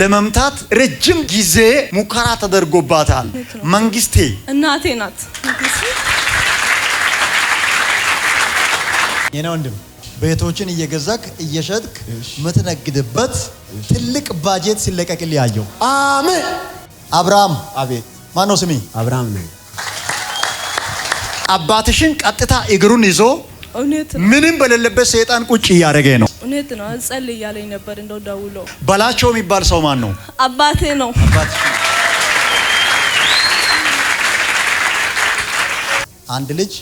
ለመምታት ረጅም ጊዜ ሙከራ ተደርጎባታል። መንግስቴ እናቴ ናት። የኔ ወንድም ቤቶችን እየገዛክ እየሸጥክ የምትነግድበት ትልቅ ባጀት ሲለቀቅል ያየው አሜን። አብርሃም አቤት። ማነው ስሜ? አብርሃም ነው። አባትሽን ቀጥታ እግሩን ይዞ ምንም በሌለበት ሰይጣን ቁጭ እያደረገ ነው። እውነት ነው። እያለኝ ነበር። እንደው ደውሎ በላቸው የሚባል ሰው ማን ነው? አባቴ ነው። አንድ ልጅ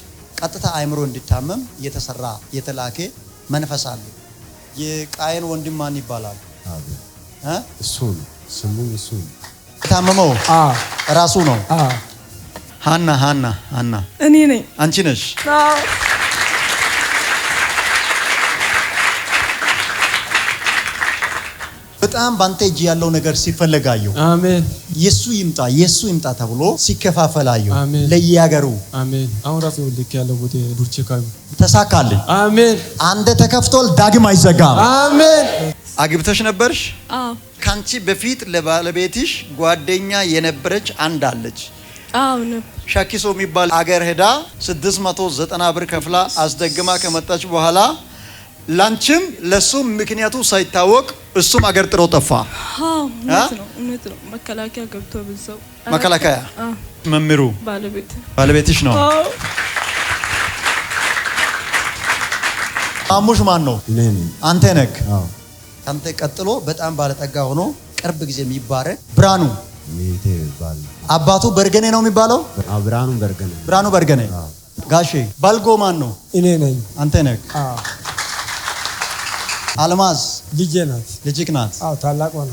ቀጥታ አይምሮ እንዲታመም የተሰራ የተላከ መንፈስ አለ። የቃየን ወንድም ማን ይባላል? እሱ ስሙ። እሱ የታመመው ራሱ ነው። ሀና ሀና ሀና፣ እኔ ነኝ። አንቺ ነሽ? በጣም በአንተ እጅ ያለው ነገር ሲፈለጋዩ አሜን። የሱ ይምጣ የሱ ይምጣ ተብሎ ሲከፋፈላዩ ለየሀገሩ አሜን። አሁን ራሱ ልክ ያለው ቦታ ዱርቼ ካዩ ተሳካልኝ። አሜን። አንደ ተከፍቶል ዳግም አይዘጋም። አሜን። አግብተሽ ነበርሽ? አዎ። ካንቺ በፊት ለባለቤትሽ ጓደኛ የነበረች አንድ አለች? አዎ ነበር። ሻኪሶ የሚባል አገር ሄዳ 690 ብር ከፍላ አስደግማ ከመጣች በኋላ ላንቺም ለሱም ምክንያቱ ሳይታወቅ እሱም አገር ጥሮ ጠፋ። መከላከያ ገብቶ ብዛው መከላከያ መምህሩ ባለቤትሽ ነው። ማሙሽ ማን ነው? አንተ ነክ አንተ ቀጥሎ በጣም ባለጠጋ ሆኖ ቅርብ ጊዜ የሚባረ ብርሃኑ አባቱ በርገኔ ነው የሚባለው። ብርሃኑ በርገኔ ጋሼ ባልጎ ማን ነው? እኔ ነኝ። አንተ ነክ አልማዝ ልጄ ናት። ልጅክ ናት። አዎ ታላቅ ሆነ።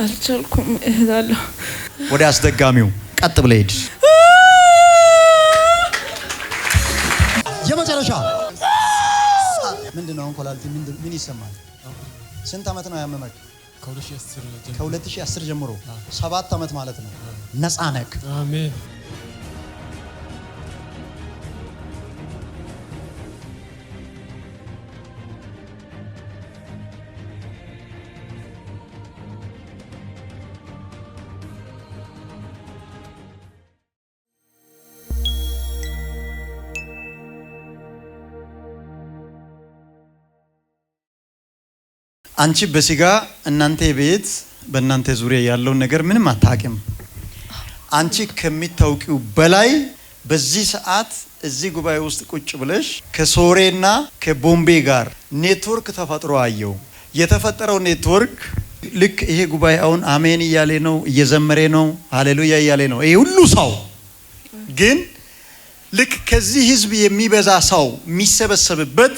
አልቻልኩም። እህታለሁ። ወደ አስደጋሚው ቀጥ ብለህ ሂድ። የመጨረሻ ምንድን ነው? እንኮላልቲ ምን ይሰማል? ስንት ዓመት ነው ያመመክ? ከ2010 ጀምሮ ሰባት ዓመት ማለት ነው። ነፃ ነህ። አሜን አንቺ በስጋ እናንተ ቤት በእናንተ ዙሪያ ያለውን ነገር ምንም አታውቂም። አንቺ ከሚታውቂው በላይ በዚህ ሰዓት እዚህ ጉባኤ ውስጥ ቁጭ ብለሽ ከሶሬና ከቦምቤ ጋር ኔትወርክ ተፈጥሮ አየው። የተፈጠረው ኔትወርክ ልክ ይሄ ጉባኤ አሁን አሜን እያሌ ነው፣ እየዘመሬ ነው፣ ሀሌሉያ እያሌ ነው። ይሄ ሁሉ ሰው ግን ልክ ከዚህ ህዝብ የሚበዛ ሰው የሚሰበሰብበት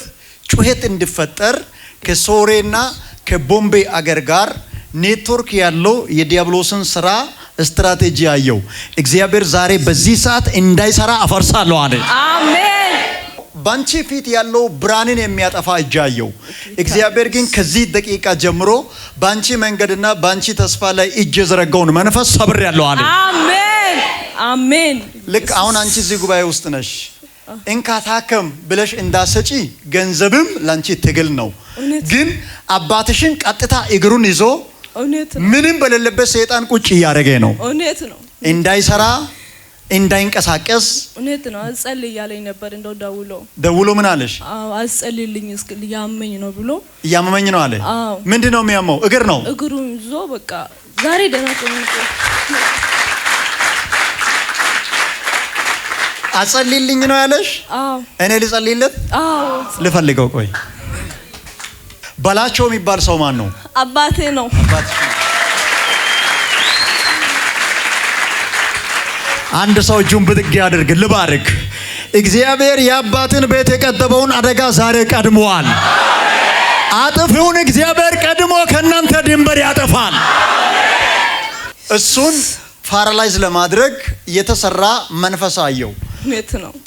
ጩኸት እንዲፈጠር ከሶሬና ከቦምቤ አገር ጋር ኔትወርክ ያለው የዲያብሎስን ስራ ስትራቴጂ አየው። እግዚአብሔር ዛሬ በዚህ ሰዓት እንዳይሰራ አፈርሳለሁ አለ። አሜን። ባንቺ ፊት ያለው ብርሃንን የሚያጠፋ እጃየው እግዚአብሔር ግን ከዚህ ደቂቃ ጀምሮ በአንቺ መንገድና በአንቺ ተስፋ ላይ እጅ የዘረጋውን መንፈስ ሰብር ያለው አለ። አሜን፣ አሜን። ልክ አሁን አንቺ እዚህ ጉባኤ ውስጥ ነሽ። እንካ ታከም ብለሽ እንዳሰጪ ገንዘብም ላንቺ ትግል ነው ግን አባትሽን ቀጥታ እግሩን ይዞ ምንም በሌለበት ሰይጣን ቁጭ እያደረገ ነው። እውነት ነው። እንዳይሰራ እንዳይንቀሳቀስ እውነት ነው። አጸልይ እያለኝ ነበር። እንደው ደውሎ ደውሎ ምን አለሽ? አጸልይልኝ እስ እያመኝ ነው ብሎ እያመመኝ ነው አለ። ምንድን ነው የሚያመው? እግር ነው። እግሩን ይዞ በቃ ዛሬ ደህና አጸልይልኝ ነው ያለሽ? እኔ ልጸልይለት ልፈልገው። ቆይ በላቸው የሚባል ሰው ማን ነው? አባቴ ነው። አንድ ሰው እጁን ብድግ ያድርግ፣ ልባርክ። እግዚአብሔር የአባትን ቤት የቀጠበውን አደጋ ዛሬ ቀድሞዋል። አጥፊውን እግዚአብሔር ቀድሞ ከእናንተ ድንበር ያጠፋል። እሱን ፓራላይዝ ለማድረግ የተሰራ መንፈስ አየው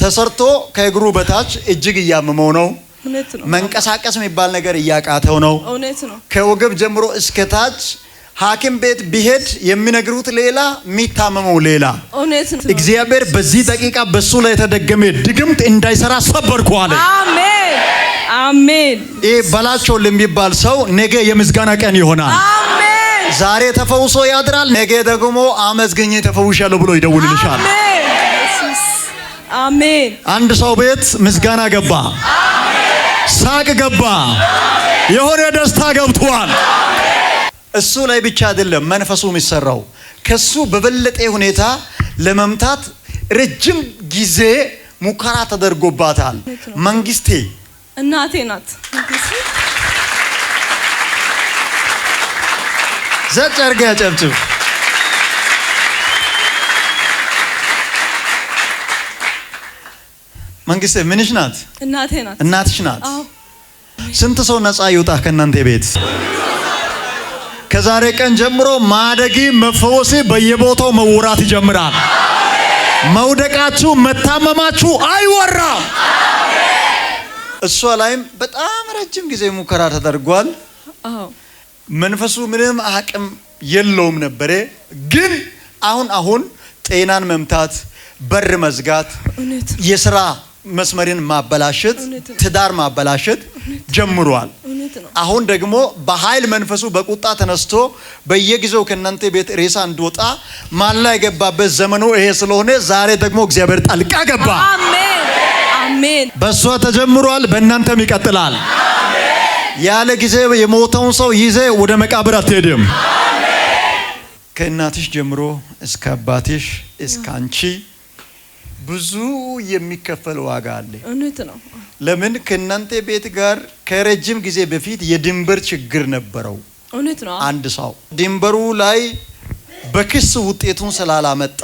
ተሰርቶ ከእግሩ በታች እጅግ እያመመው ነው። መንቀሳቀስ የሚባል ነገር እያቃተው ነው። እውነት ነው። ከወገብ ጀምሮ እስከ ታች ሐኪም ቤት ቢሄድ የሚነግሩት ሌላ የሚታመመው ሌላ። እውነት ነው። እግዚአብሔር በዚህ ደቂቃ በሱ ላይ የተደገመ ድግምት እንዳይሰራ ሰበርኩ አለ። አሜን አሜን። ይህ በላቸው ለሚባል ሰው ነገ የምዝጋና ቀን ይሆናል። ዛሬ ተፈውሶ ያድራል። ነገ ደግሞ አመስግኜ ተፈውሻለሁ ብሎ ይደውልልሻል። አሜን። አንድ ሰው ቤት ምዝጋና ገባ። ሳቅ ገባ፣ የሆነ ደስታ ገብቷል። እሱ ላይ ብቻ አይደለም መንፈሱ የሚሰራው፣ ከሱ በበለጠ ሁኔታ ለመምታት ረጅም ጊዜ ሙከራ ተደርጎባታል። መንግስቴ እናቴ ናት። ዘጭ አድርገህ አጨብጭብ። መንግስት ምንሽ ናት? እናቴ ናት። እናትሽ ናት። ስንት ሰው ነፃ ይውጣ ከእናንተ ቤት። ከዛሬ ቀን ጀምሮ ማደጊ መፈወሴ በየቦታው መውራት ይጀምራል። መውደቃችሁ፣ መታመማችሁ አይወራም። እሷ ላይም በጣም ረጅም ጊዜ ሙከራ ተደርጓል። መንፈሱ ምንም አቅም የለውም ነበረ። ግን አሁን አሁን ጤናን መምታት፣ በር መዝጋት፣ የስራ መስመርን ማበላሸት ትዳር ማበላሸት ጀምሯል። አሁን ደግሞ በኃይል መንፈሱ በቁጣ ተነስቶ በየጊዜው ከእናንተ ቤት ሬሳ እንዲወጣ ማላ የገባበት ዘመኑ ይሄ ስለሆነ ዛሬ ደግሞ እግዚአብሔር ጣልቃ ገባ። በእሷ ተጀምሯል፣ በእናንተም ይቀጥላል። ያለ ጊዜ የሞተውን ሰው ይዜ ወደ መቃብር አትሄድም። ከእናትሽ ጀምሮ እስከ አባትሽ እስከ አንቺ ብዙ የሚከፈል ዋጋ አለ። እውነት ነው። ለምን ከእናንተ ቤት ጋር ከረጅም ጊዜ በፊት የድንበር ችግር ነበረው። እውነት ነው። አንድ ሰው ድንበሩ ላይ በክስ ውጤቱን ስላላመጣ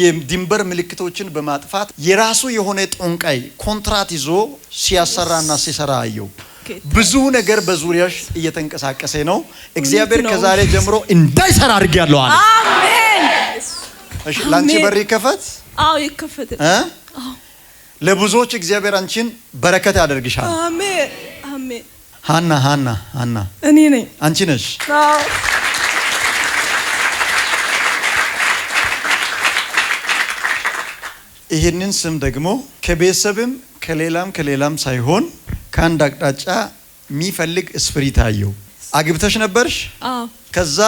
የድንበር ምልክቶችን በማጥፋት የራሱ የሆነ ጠንቋይ ኮንትራት ይዞ ሲያሰራና ሲሰራ አየው። ብዙ ነገር በዙሪያሽ እየተንቀሳቀሰ ነው። እግዚአብሔር ከዛሬ ጀምሮ እንዳይሰራ አድርጌያለሁ አለ። አሜን። እሺ፣ ላንቺ በር ይከፈት። አዎ ይከፈት። ለብዙዎች እግዚአብሔር አንቺን በረከት ያደርግሻል። አሜን አሜን። ሃና ሃና ሃና፣ እኔ ነኝ። አንቺ ነሽ። ይህንን ስም ደግሞ ከቤተሰብም ከሌላም ከሌላም ሳይሆን ከአንድ አቅጣጫ የሚፈልግ ስፕሪት አየው። አግብተሽ ነበርሽ። ከዛ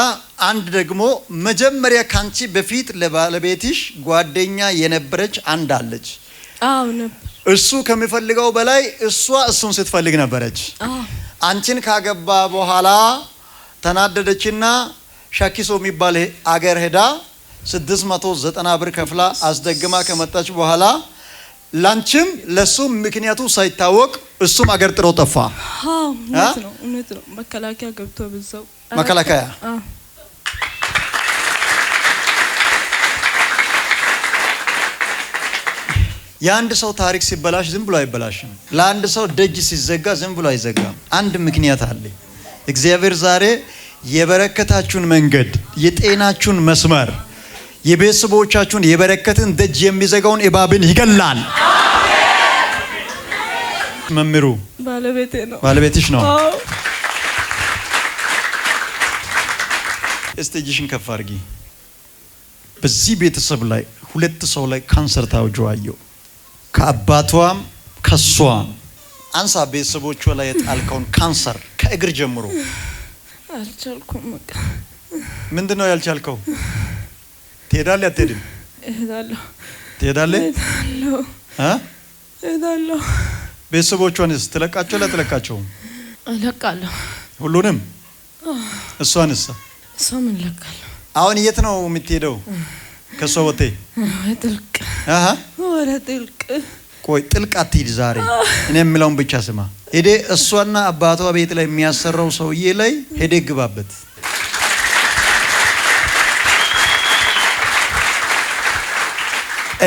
አንድ ደግሞ መጀመሪያ ካንቺ በፊት ለባለቤትሽ ጓደኛ የነበረች አንድ አለች። እሱ ከሚፈልገው በላይ እሷ እሱን ስትፈልግ ነበረች። አንቺን ካገባ በኋላ ተናደደችና ሻኪሶ የሚባል አገር ሄዳ 690 ብር ከፍላ አስደግማ ከመጣች በኋላ ላንቺም ለሱም ምክንያቱ ሳይታወቅ እሱም አገር ጥሮ ጠፋ። መከላከያ ገብቶ ብዛው መከላከያ የአንድ ሰው ታሪክ ሲበላሽ ዝም ብሎ አይበላሽም። ለአንድ ሰው ደጅ ሲዘጋ ዝም ብሎ አይዘጋም። አንድ ምክንያት አለ። እግዚአብሔር ዛሬ የበረከታችሁን መንገድ የጤናችሁን መስመር የቤተሰቦቻችሁን የበረከትን ደጅ የሚዘጋውን እባብን ይገላል። መምሩ ባለቤትሽ ነው። እስቲ እጅሽን ከፍ አድርጊ። በዚህ ቤተሰብ ላይ ሁለት ሰው ላይ ካንሰር አየው። ከአባቷም ከሷም አንሳ። ቤተሰቦቿ ላይ የጣልከውን ካንሰር ከእግር ጀምሮ አልቻልኩም። ምንድን ነው ያልቻልከው? ትሄዳለህ? አትሄድም? እሄዳለሁ። ትሄዳለህ? እሄዳለሁ። ቤተሰቦቿንስ ትለቃቸው? ላትለቃቸውም? እለቃለሁ። ሁሉንም? እሷንስ? እሷም እለቃለሁ። አሁን የት ነው የምትሄደው? ከእሷ ወቴ ጥልቅ ወደ ጥልቅ ቆይ ጥልቅ አትሂድ። ዛሬ እኔ የምለውን ብቻ ስማ። ሄዴ እሷና አባቷ ቤት ላይ የሚያሰራው ሰውዬ ላይ ሄዴ ግባበት።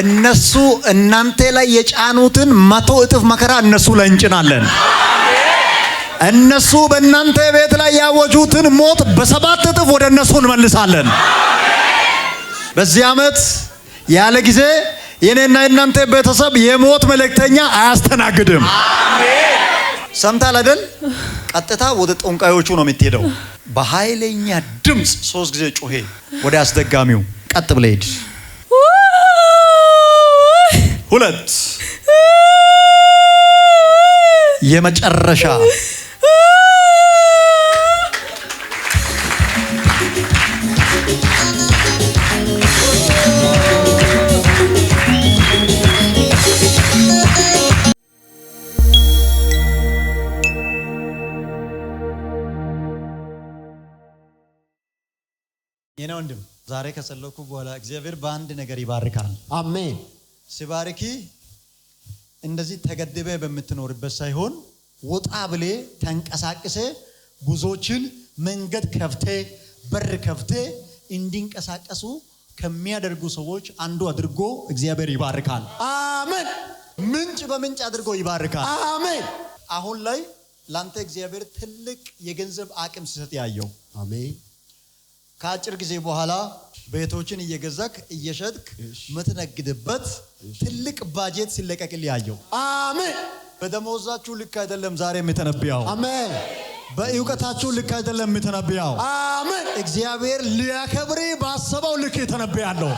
እነሱ እናንተ ላይ የጫኑትን መቶ እጥፍ መከራ እነሱ ላይ እንጭናለን። እነሱ በእናንተ ቤት ላይ ያወጁትን ሞት በሰባት እጥፍ ወደ እነሱ እንመልሳለን። በዚህ ዓመት ያለ ጊዜ የኔና የእናንተ ቤተሰብ የሞት መልእክተኛ አያስተናግድም። ሰምታል አይደል? ቀጥታ ወደ ጠንቋዮቹ ነው የምትሄደው። በኃይለኛ ድምፅ ሶስት ጊዜ ጮሄ ወደ አስደጋሚው ቀጥ ብለህ ሁለት የመጨረሻ የኔ ወንድም ዛሬ ከሰለኩ በኋላ እግዚአብሔር በአንድ ነገር ይባርካል። አሜን። ሲባርኪ እንደዚህ ተገድበ በምትኖርበት ሳይሆን ወጣ ብሌ ተንቀሳቅሰ ብዙዎችን መንገድ ከፍቴ በር ከፍቴ እንዲንቀሳቀሱ ከሚያደርጉ ሰዎች አንዱ አድርጎ እግዚአብሔር ይባርካል። አሜን። ምንጭ በምንጭ አድርጎ ይባርካል። አሜን። አሁን ላይ ላንተ እግዚአብሔር ትልቅ የገንዘብ አቅም ሲሰጥ ያየው። አሜን። ከአጭር ጊዜ በኋላ ቤቶችን እየገዛክ እየሸጥክ የምትነግድበት ትልቅ ባጀት ሲለቀቅል ያየው። አሜን። በደመወዛችሁ ልክ አይደለም ዛሬ የሚተነብያው። አሜን። በእውቀታችሁ ልክ አይደለም የሚተነብያው። አሜን። እግዚአብሔር ሊያከብር ባሰበው ልክ የተነብያለሁ።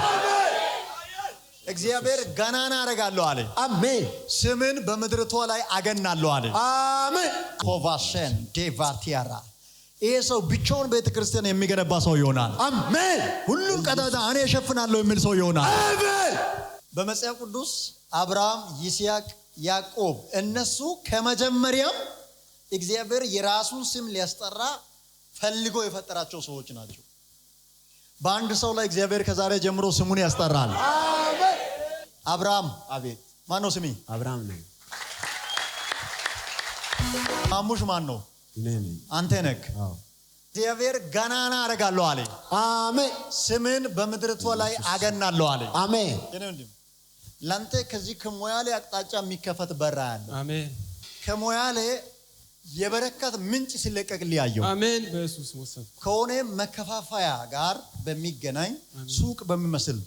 እግዚአብሔር ገናና አረጋለሁ አለ። አሜን። ስምን በምድርቷ ላይ አገናለሁ አለ። አሜን። ኮቫሸን ዴቫቲያራ ይሄ ሰው ብቻውን ቤተ ክርስቲያን የሚገነባ ሰው ይሆናል። አሜን። ሁሉም ቀጠጣ እኔ እሸፍናለሁ የሚል ሰው ይሆናል። አሜን። በመጽሐፍ ቅዱስ አብርሃም፣ ይስያቅ ያዕቆብ እነሱ ከመጀመሪያም እግዚአብሔር የራሱን ስም ሊያስጠራ ፈልጎ የፈጠራቸው ሰዎች ናቸው። በአንድ ሰው ላይ እግዚአብሔር ከዛሬ ጀምሮ ስሙን ያስጠራል። አብርሃም። አቤት። ማን ነው ስሜ? አብርሃም ነው። ማሙሽ ማን ነው? አንተ ነህ። እግዚአብሔር ገናና አደርጋለሁ አለ። አሜን። ስምን በምድርቷ ላይ አገናለሁ አለ። አሜን። ለአንተ ከዚህ ከሞያሌ አቅጣጫ የሚከፈት በራ ያለ አሜን። ከሞያሌ የበረከት ምንጭ ሲለቀቅ ሊያየው አሜን። በኢየሱስ ወሰን ከሆነ መከፋፈያ ጋር በሚገናኝ ሱቅ በሚመስል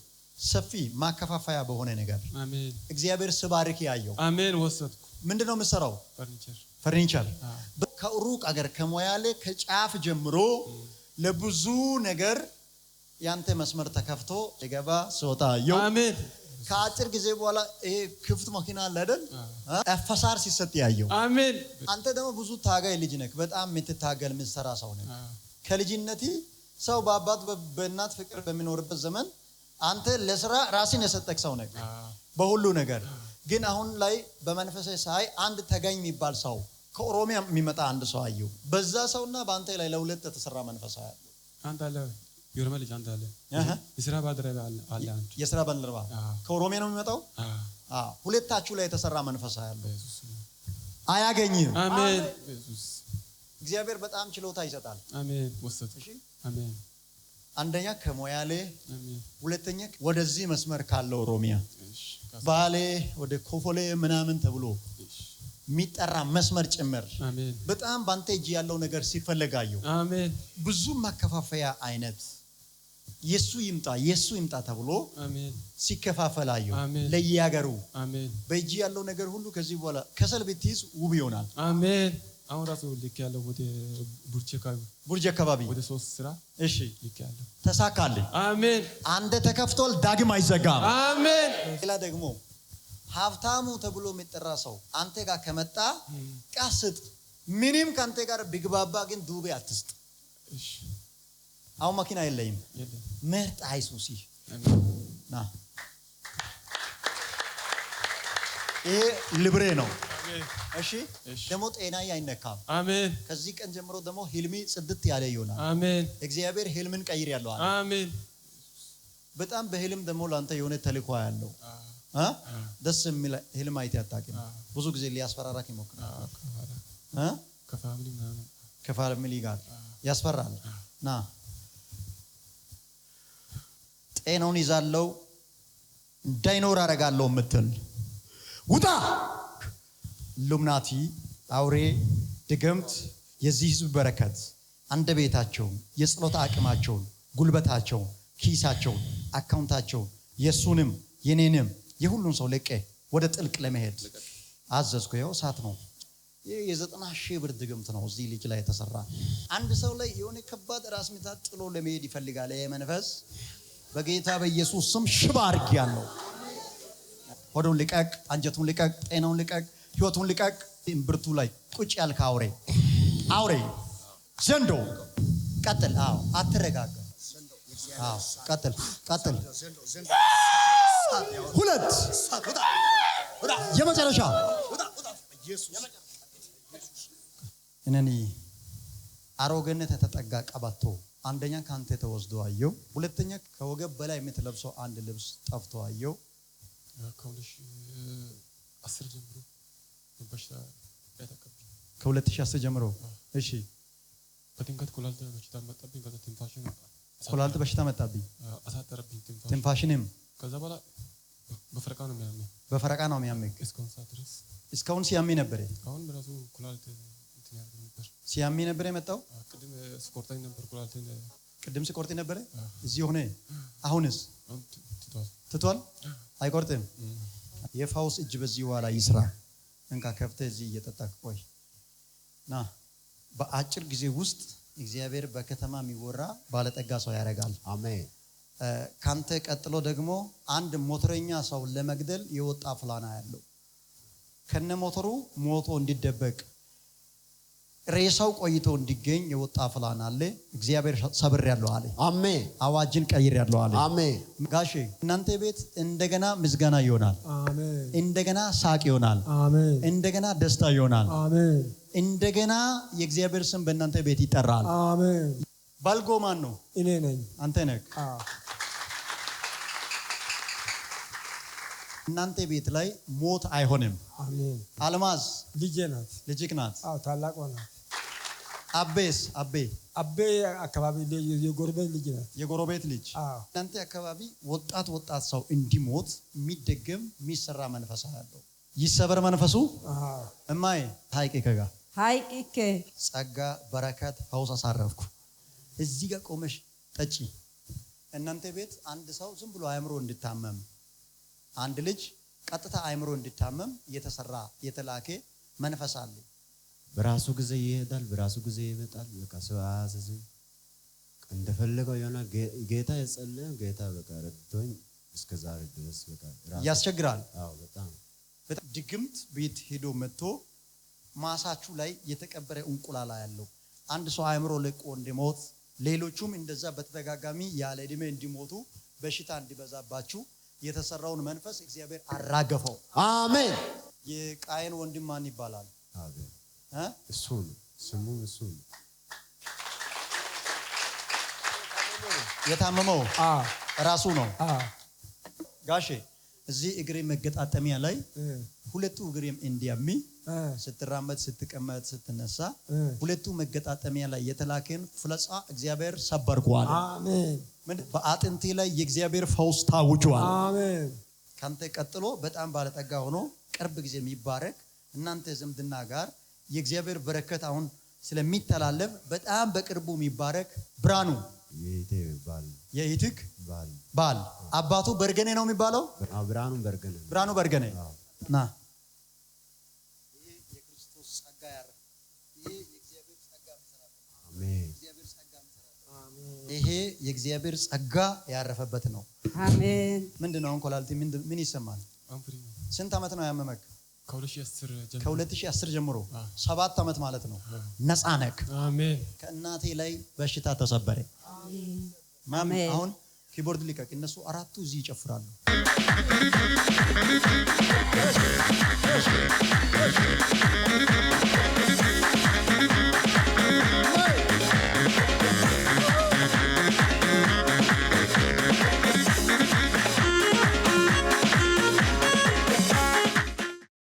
ሰፊ ማከፋፈያ በሆነ ነገር እግዚአብሔር ስባርክ ያየው አሜን። ወሰድኩ ምንድነው የምሰራው? ፈርኒቸር ፈርኒቸር ከሩቅ አገር ከሞያሌ ከጫፍ ጀምሮ ለብዙ ነገር ያንተ መስመር ተከፍቶ ሊገባ ሶታ አየሁ። አሜን። ከአጭር ጊዜ በኋላ ይሄ ክፍት መኪና አለ አይደል? አፈሳር ሲሰጥ ያየው። አሜን። አንተ ደግሞ ብዙ ታጋይ ልጅ ነክ፣ በጣም የምትታገል የምትሰራ ሰው ነህ። ከልጅነት ሰው በአባት በእናት ፍቅር በሚኖርበት ዘመን አንተ ለስራ ራስን የሰጠክ ሰው ነክ በሁሉ ነገር። ግን አሁን ላይ በመንፈሳዊ ሳይ አንድ ተገኝ የሚባል ሰው ከኦሮሚያ የሚመጣ አንድ ሰው አየሁ። በዛ ሰውና በአንተ ላይ ለሁለት የተሰራ መንፈሳ አንተ አለ የኦሮሚያ ልጅ አንተ አለ የስራ ባልደረባ አለ አንተ የስራ ባልደረባ ከኦሮሚያ ነው የሚመጣው። ሁለታችሁ ላይ የተሰራ መንፈሳ ያለው አያገኝም። አሜን። እግዚአብሔር በጣም ችሎታ ይሰጣል። አሜን። ወሰተ እሺ፣ አሜን። አንደኛ ከሞያሌ ሁለተኛ ወደዚህ መስመር ካለው ኦሮሚያ ባሌ ወደ ኮፎሌ ምናምን ተብሎ የሚጠራ መስመር ጭምር በጣም በአንተ እጅ ያለው ነገር ሲፈለጋዩ ብዙ ማከፋፈያ አይነት የሱ ይምጣ የሱ ይምጣ ተብሎ ሲከፋፈላዩ ለየሀገሩ በእጅ ያለው ነገር ሁሉ ከዚህ በኋላ ከሰል ብትይዝ ውብ ይሆናል። አሜን። አሁን ራሱ ልክ ያለው ወደ ቡርጅ አካባቢ ቡርጅ አካባቢ ወደ ሶስት ስራ እሺ፣ ልክ ያለው ተሳካልኝ። አሜን። አንደ ተከፍቷል፣ ዳግም አይዘጋም። አሜን። ሌላ ደግሞ ሀብታሙ ተብሎ የሚጠራ ሰው አንተ ጋር ከመጣ ቀስጥ። ምንም ከአንተ ጋር ቢግባባ ግን ዱቤ አትስጥ። አሁን መኪና የለይም ምርጥ አይሱሲ ና፣ ይሄ ልብሬ ነው። እሺ ደግሞ ጤናዬ አይነካም። አሜን። ከዚህ ቀን ጀምሮ ደግሞ ህልሚ ጽድት ያለ ይሆናል። አሜን። እግዚአብሔር ህልምን ቀይር ያለዋል። አሜን። በጣም በህልም ደግሞ ለአንተ የሆነ ተልኳ ያለው ደስ የሚል ህልም አይቴ አታውቂም። ብዙ ጊዜ ሊያስፈራራክ ይሞክራል። ከፋሚሊ ጋር ያስፈራል። ና ጤናውን ይዛለው እንዳይኖር አደርጋለሁ የምትል ውጣ። ሉምናቲ አውሬ ድግምት የዚህ ህዝብ በረከት አንደ ቤታቸውን የጸሎት አቅማቸውን ጉልበታቸውን ኪሳቸውን አካውንታቸውን የእሱንም የኔንም የሁሉን ሰው ለቀ ወደ ጥልቅ ለመሄድ አዘዝኩ። ይኸው እሳት ነው። ይህ የዘጠና ሺህ ብር ድግምት ነው እዚህ ልጅ ላይ የተሰራ። አንድ ሰው ላይ የሆነ ከባድ ራስ ምታት ጥሎ ለመሄድ ይፈልጋል። ይህ መንፈስ በጌታ በኢየሱስ ስም ሽባ አርግ ያለው ሆዱን ልቀቅ፣ አንጀቱን ልቀቅ፣ ጤናውን ልቀቅ፣ ህይወቱን ልቀቅ። እምብርቱ ላይ ቁጭ ያልከ አውሬ አውሬ ዘንዶ ቀጥል። አዎ አትረጋጋ። አዎ ቀጥል፣ ቀጥል አዎ አትረጋጋ ቀጥል ቀጥል ሁለት የመጨረሻ እነኒ አሮጌነት የተጠጋ ቀበቶ አንደኛ ከአንተ ተወስዶ አየው። ሁለተኛ ከወገብ በላይ የምትለብሰው አንድ ልብስ ጠፍቶ አየው። ከሁለት ሺህ ጀምሮ እሺ፣ በድንገት ኩላሊት በሽታ መጣብኝ። ኩላሊት በሽታ መጣብኝ፣ ትንፋሽንም ከዛ በኋላ በፈረቃ ነው የሚያመኝ። እስካሁን ሲያሜ ነበር ሲያሜ ነበር የመጣው ቅድም ሲቆርጥ ነበር እዚህ ሆነ። አሁንስ ትቷል፣ አይቆርጥም። የፋውስ እጅ በዚህ በኋላ ይስራ። እንካ ከፍተህ እዚህ እየጠጣህ ቆይ ና። በአጭር ጊዜ ውስጥ እግዚአብሔር በከተማ የሚወራ ባለጠጋ ሰው ያደርጋል። አሜን። ካንተ ቀጥሎ ደግሞ አንድ ሞተረኛ ሰው ለመግደል የወጣ ፍላና ያለው ከነ ሞተሩ ሞቶ እንዲደበቅ ሬሳው ቆይቶ እንዲገኝ የወጣ ፍላና አለ። እግዚአብሔር ሰብር ያለው አለ። አሜን። አዋጅን ቀይር ያለው አለ። አሜን። ጋሼ እናንተ ቤት እንደገና ምዝጋና ይሆናል። እንደገና ሳቅ ይሆናል። እንደገና ደስታ ይሆናል። እንደገና የእግዚአብሔር ስም በእናንተ ቤት ይጠራል። አሜን። ባልጎ ማን ነው? እኔ ነኝ። አንተ ነህ። እናንተ ቤት ላይ ሞት አይሆንም። አልማዝ ልጄ ናት፣ ልጅክ ናት፣ ታላቅ ናት። አቤስ አቤ አቤ አካባቢ የጎረቤት ልጅ ናት፣ የጎረቤት ልጅ። እናንተ አካባቢ ወጣት ወጣት ሰው እንዲሞት የሚደገም የሚሰራ መንፈስ አለው። ይሰበር መንፈሱ። እማዬ ሀይቅ ከጋ ሀይቅ ከ ጸጋ በረከት ፈውስ አሳረፍኩ። እዚህ ጋር ቆመሽ ጠጪ። እናንተ ቤት አንድ ሰው ዝም ብሎ አእምሮ እንድታመም አንድ ልጅ ቀጥታ አእምሮ እንዲታመም የተሰራ የተላከ መንፈስ አለ። በራሱ ጊዜ ይሄዳል፣ በራሱ ጊዜ ይመጣል። በቃ ሰው አያዘዝም፣ እንደፈለገው ይሆናል። ጌታ የጸለየ ጌታ በቃ ረድቶኝ እስከ ዛሬ ድረስ በቃ ያስቸግራል። አዎ በጣም ድግምት ቤት ሄዶ መጥቶ ማሳችሁ ላይ የተቀበረ እንቁላላ ያለው አንድ ሰው አእምሮ ልቆ እንዲሞት ሌሎቹም እንደዛ በተደጋጋሚ ያለ እድሜ እንዲሞቱ በሽታ እንዲበዛባችሁ የተሰራውን መንፈስ እግዚአብሔር አራገፈው። አሜን። የቃየን ወንድም ማን ይባላል? እሱ ስሙ እሱ የታመመው ራሱ ነው። ጋሼ እዚህ እግሬ መገጣጠሚያ ላይ ሁለቱ እግሬም እንዲያሚ ስትራመድ፣ ስትቀመጥ፣ ስትነሳ ሁለቱ መገጣጠሚያ ላይ የተላከን ፍለጻ እግዚአብሔር ሰበርኳል። አሜን። በአጥንቴ ላይ የእግዚአብሔር ፈውስ ታውጇል። አሜን። ካንተ ቀጥሎ በጣም ባለጠጋ ሆኖ ቅርብ ጊዜ የሚባረክ እናንተ ዝምድና ጋር የእግዚአብሔር በረከት አሁን ስለሚተላለፍ በጣም በቅርቡ የሚባረክ ብራኑ የኢትክ ባል አባቱ በርገኔ ነው የሚባለው። ብራኑ በርገኔ ና ይሄ የእግዚአብሔር ጸጋ ያረፈበት ነው። ምንድን ነው እንኮላልቲ? ምን ይሰማል? ስንት ዓመት ነው ያመመክ? ከ2010 ጀምሮ ሰባት ዓመት ማለት ነው። ነፃነክ ከእናቴ ላይ በሽታ ተሰበረ። አሁን ኪቦርድ ሊቀቅ። እነሱ አራቱ እዚህ ይጨፍራሉ።